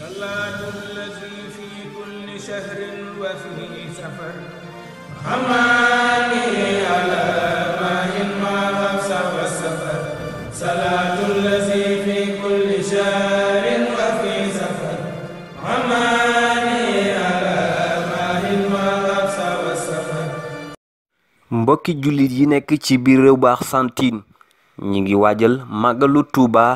صلاة الذي في كل شهر وفي سفر حماني على ماء ما غمس والسفر صلاة الذي في كل شهر وفي سفر حماني على ماء ما غمس والسفر mbokki jullit yi nekk ci biir réew baax santine ñi ngi waajal màggalu Tuuba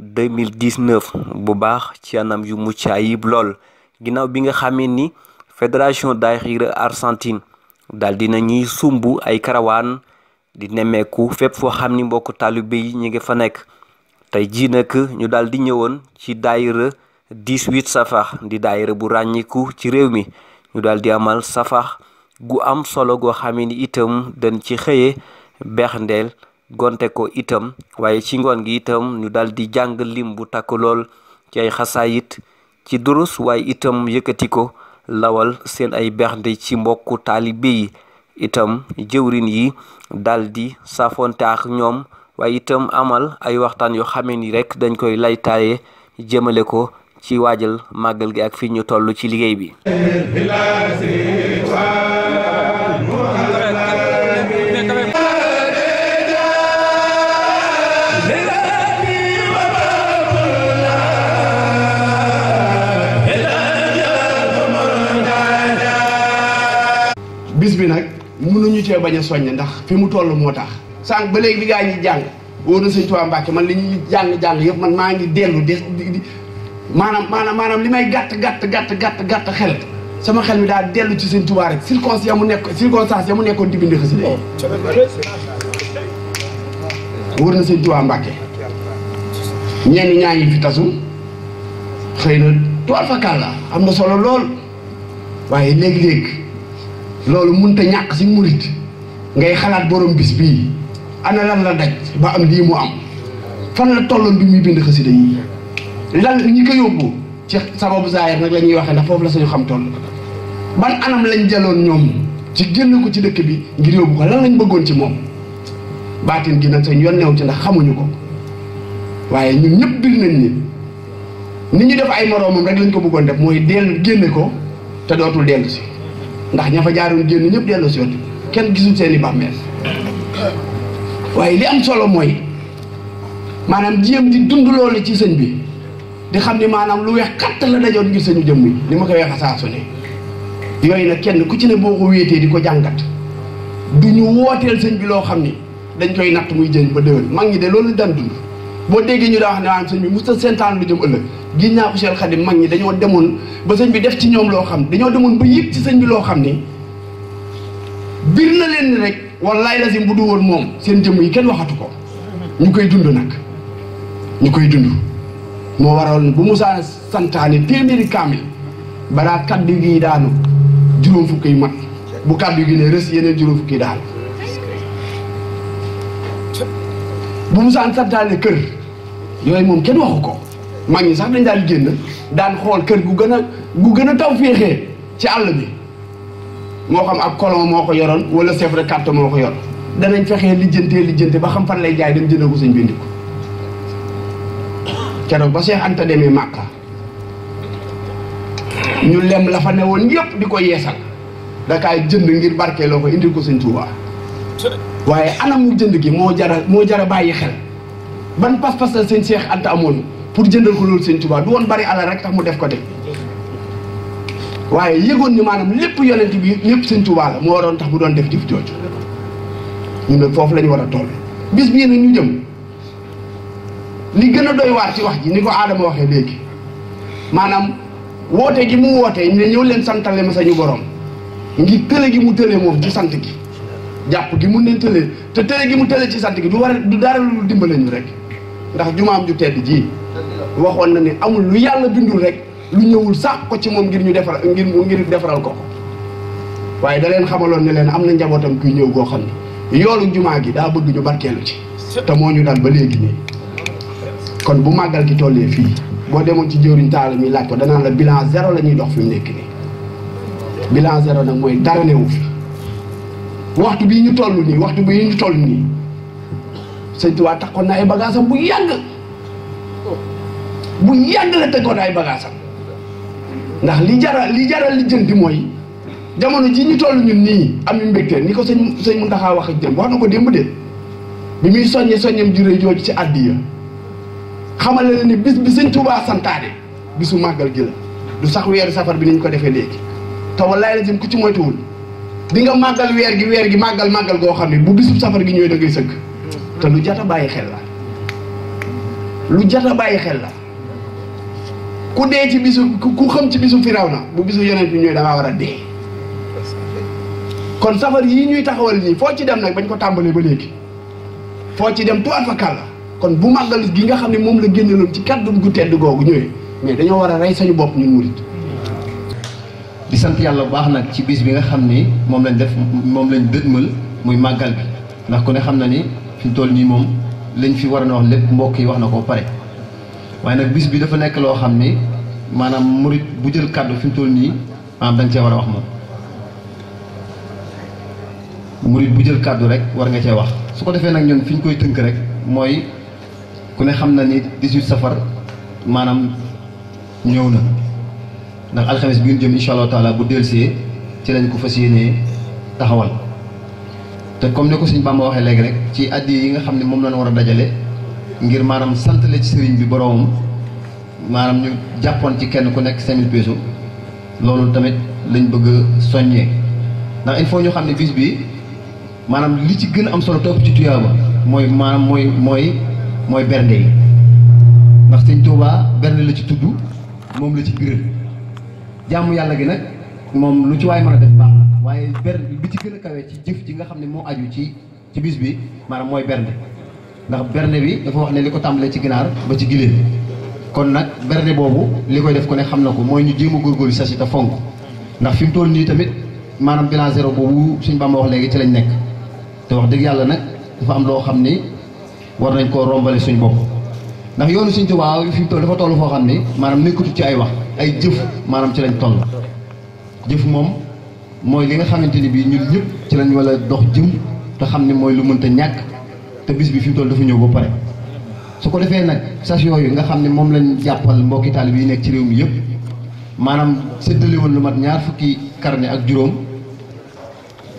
2019 bu baax ci anam yu mucc ayib lool ginnaaw bi nga xamee ni fédération Daahira Argentine daal dina ñuy sumb ay karawaan di nemmeeku fépp foo xam ni mbokk taalibe yi ñu ngi fa nekk tey jii nag ñu daal di ñëwoon ci daayira 18 safar di daayira bu ràññiku ci réew mi ñu daal di amal safar gu am solo goo xam ni itam dañ ci xëye bexndeel gonte ko itam waaye ci ngoon gi itam ñu daldi di jàng lim bu takk lool ci ay xasaayit ci durus waaye itam yëkkati ko lawal seen ay bernde ci mbokku taalibe yi itam jëwrin yi daldi safonte ak ñoom waaye itam amal ay waxtaan yoo xamee ni rekk dañ koy laytaaye jëmale ko ci waajal màggal gi ak fi ñu toll ci liggéey bi mun mënuñu cee bañ a soññ ndax fi mu toll moo tax sànq ba léegi di a ñi jàng wóor na sëñ Tuubaa Mbàkke man li ñu jàng-jàng yëpp man maa ngi dellu de maanaam maanaam maanaam li may gàtt gàtt gàtt gàtt gàtt xel sama xel mi daa dellu ci sëñ Tuubaa rek circonstance ya mu nekk circonstance ya mu nekkoon di bind xasida wóor na sëñ Tuubaa Mbàkke ñenn ñaa ngi fi tasu xëy na tuwaat fa kàlla am na solo lool waaye léegi-léegi loolu mun te ñàkk si murit ngay xalaat boroom bis bii ana lan la daj ba am lii mu am fan la tolloon bi muy bind xasida yi lan ñi ko yóbbu ci sababu zaahir nag la ñuy waxee ndax foofu la suñu xam toll ban anam lañ jaloon ñoom ci génn ko ci dëkk bi ngir yóbbu ko lan lañ bëggoon ci moom baatin gi nag sañ yoon neew ci ndax xamuñu ko waaye ñun ñëpp bir nañ ni ni ñu def ay moroomam rek lañ ko bëggoon def mooy dell génne ko te dootul dellu si ndax ña fa jaaroon génn ñëpp delloo si kenn gisul seeni i waaye li am solo mooy maanaam jéem di dund loolu ci sëñ bi di xam ni maanaam lu weex katt la dajoon ngir sëñu jëmm yi li ma ko weex a saa su ne yooyu kenn ku ci ne boo ko wéetee di ko jàngat du ñu wooteel sëñ bi loo xam ni dañ koy natt muy jën ba déwén mag ñi de loolu daan dund boo déggee ñu daa wax ne maanaam sëñ bi mu sa sentaan lu jëm ëllëg gis naa ko Cheikh Khadim mag ñi dañoo demoon ba sëñ bi def ci ñoom loo xam dañoo demoon ba yëg ci sëñ bi loo xam ni bir na leen rek wallaay lazim bu du woon moom seen jëmm yi kenn waxatu ko ñu koy dund nag ñu koy dund moo waral bu Moussa santaane téeméeri kaamil balaa kaddu gi daanu juróom fukki mat bu kaddu gi ne rës yeneen juróom fukki daanu bu mu saan santaane kër yooyu moom kenn waxu ko mag ñi sax dañ daan génn daan xool kër gu gën a gu gën a taw féexee ci àll bi moo xam ak colon moo ko yoroon wala chef de carte moo ko yor danañ fexee lijjantee lijjante ba xam fan lay jaay dem jënd ko sañ bindi ko keroog ba Cheikh Anta demee Màkka ñu lem la fa ne woon yëpp di ko yeesal da kaay jënd ngir barkeeloo ko indil ko sëñ Tuubaa waaye anam mu jënd gi moo jara moo jara bàyyi xel ban pas-pas la sëñ Cheikh ant amoon pour jëndal ko loolu sëñ Tuubaa du woon bari alal rek tax mu def ko de waaye yëgoon ni maanaam lépp yonent bi lépp sëñ Tuubaa la moo waroon tax mu doon def jëf jooju ñu nag foofu la war a toll bis bii nag ñu jëm li gën a doy waar ci wax ji ni ko Adama waxee léegi maanaam woote gi mu wootee ñu ne ñëw leen santale ma sañu borom ngi tële gi mu tële moom ci sant gi jàpp gi mu leen tëlee te tële gi mu tëlee ci sant gi du war du dara lu dimbale ñu rek ndax jumaam ju tedd jii waxoon na ne amul lu yàlla bindul rek lu ñëwul sax ko ci moom ngir ñu defar ngir ngir defaral ko ko waaye da leen xamaloon ne leen am na njabootam kuy ñëw goo xam ne yoolu jumaa gi daa bëgg ñu barkeelu ci te moo ñu daal ba léegi nii kon bu màggal gi tollee fii boo demoon ci jëwriñ taala mi laaj ko danaan la bilan zéro la ñuy dox fi mu nekk nii bilan zéro nag mooy fi waxtu bii ñu toll nii waxtu bii ñu toll nii sëñ Tuubaa takkoon naa ay bagaasam bu yàgg bu yàgg la tëggoon ay bagaasam ndax li jaral li jaral li jënti mooy jamono ji ñu toll ñun nii am ñu mbégte ni ko sëñ sëñ Muntaxa wax ak jëm wax na ko démb de bi muy soññe soññam juré jooju ci àddiya xamal la ne bis bi sëñ Tuubaa santaane bisu màggal gi la du sax weeru safar bi nañ ko defee léegi te wallaay la jëm ku ci moytuwul di nga màggal weer gi weer gi màggal màggal goo xam ne bu bisub safar gi ñëwee da ngay sëgg te lu jata bàyyi xel la lu jata bàyyi xel la ku dee ci bisu ku xam ci bisu firaw na bu bisu yonent bi ñëwee da war a dee kon safar yi ñuy taxawal nii foo ci dem nag bañ ko tàmbalee ba léegi foo ci dem tuwaat fa kàlla kon bu màggal gi nga xam ne moom la génneloon ci kàddu gu tedd googu ñëwee mais dañoo war a rey sañu bopp ñun murit di sant yàlla bu baax nag ci biis bi nga xam ni moom lañ def moom lañ dëdmal muy màggal bi ndax ku ne xam na ni fi mu toll nii moom lañ fi war a wax lépp mbokk yi wax na ko pare waaye nag bis bi dafa nekk loo xam ni maanaam murit bu jël kàddu fi mu toll nii maanaam da nga cee war a wax moom murit bu jël kàddu rek war nga cee wax su ko defee nag ñoom fi ñu koy tënk rek mooy ku ne xam na ni 18 safar maanaam ñëw na ndax alxames bi ñu jëm incha allah taala bu delsee ci lañ ko fas yéenee taxawal te comme ni ko suñ Bamba waxee léegi rek ci addi yi nga xam ne moom lañ war a dajale ngir maanaam sant la ci sëriñ bi boroomam maanaam ñu jàppoon ci kenn ku nekk cinq mille pesos loolu tamit lañ bëgg a soññee ndax il faut ñu xam ne bis bi maanaam li ci gën a am solo topp ci tuyaaba mooy maanaam mooy mooy mooy bernde yi ndax sëñ Tuubaa bernde la ci tudd moom la ci biral jaamu yàlla gi nag moom lu ci waay mën a def baax waaye bernde bi ci gën a kawee ci jëf ji nga xam ne moo aju ci ci bis bi maanaam mooy bernde ndax bernde bi dafa wax ne li ko tàmbalee ci ginaar ba ci giléem kon nag bernde boobu li koy def ko ne xam na ko mooy ñu jéem a góorgóorlu sa si te fonk ndax fi mu toll nii tamit maanaam bilan zéro boobu suñ Bamba wax léegi ci lañ nekk te wax dëgg yàlla nag dafa am loo xam ni war nañ koo rombale suñ bopp ndax yoonu siñ Tuubaa waaw mu toll dafa toll foo xam ni maanaam nekkatu ci ay wax ay jëf maanaam ci lañ toll jëf moom mooy li nga xamante ni bii ñun ñëpp ci lañ wala dox jëm te xam ne mooy lu mënta ñàkk te bis bi fi mu dafa ñëw ba pare su ko defee nag sas yooyu nga xam ne moom lañ jàppal mbokki taalib yi nekk ci réew mi yëpp maanaam séddale woon lu mat ñaar fukki carnet ak juróom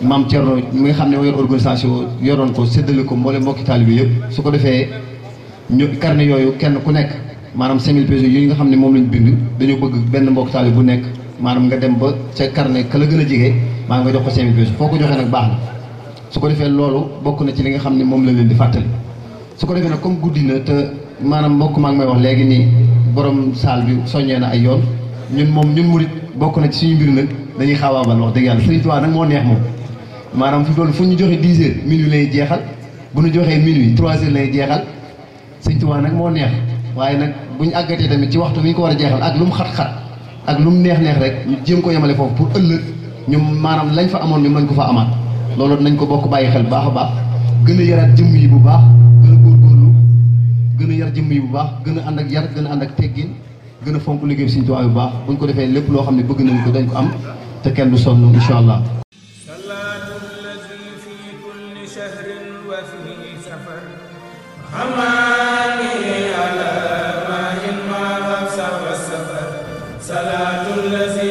maam Thierno mi nga xam ne moo yor organisation yoroon ko séddale ko mboole mbokki taalib yi yëpp su ko defee ñu carnet yooyu kenn ku nekk maanaam 5000 pesos yi nga xam ne moom lañ bind dañoo bëgg benn mbokk taal bu nekk maanaam nga dem ba ca carnet ka la gën a jege maanaam ko 5000 pesos foo ko joxee nag baax na ko defee loolu bokk na ci li nga xam ne moom la leen di fàttali su ko defee comme guddi na te maanaam mbokk maa ngi may wax léegi nii borom saal bi soññee na ay yoon ñun moom ñun murit bokk na ci suñu mbir nag dañuy xaawaabal wax dëgg yàlla Sëriñ Tuubaa nag moo neex moom maanaam fi doolu fu ñu joxee 10 heures lay jeexal bu nu joxee minuit 3 heures lay jeexal sëñ Tuubaa nag moo neex waaye nag bu ñu àggatee tamit ci waxtu bi ñu ko war a jeexal ak lu mu xat-xat ak lu mu neex-neex rek ñu jéem ko yemale foofu pour ëllëg ñu maanaam lañ fa amoon ñu mën ko fa amaat loolu nañ ko bokk bàyyi xel baax a baax gën a yaraat jëmm yi bu baax gën a góorgóorlu gën a baax gën a ànd ak yar gën a ànd ak teggin gën a fonk liggéey bi sëñ Tuubaa bu baax buñ ko defee lépp loo xam ne bëgg nañ ko dañ ko am te kenn du sonn incha allah salaatu allazi fi kulli shahrin amaani ala ma in ma xab safar salaatu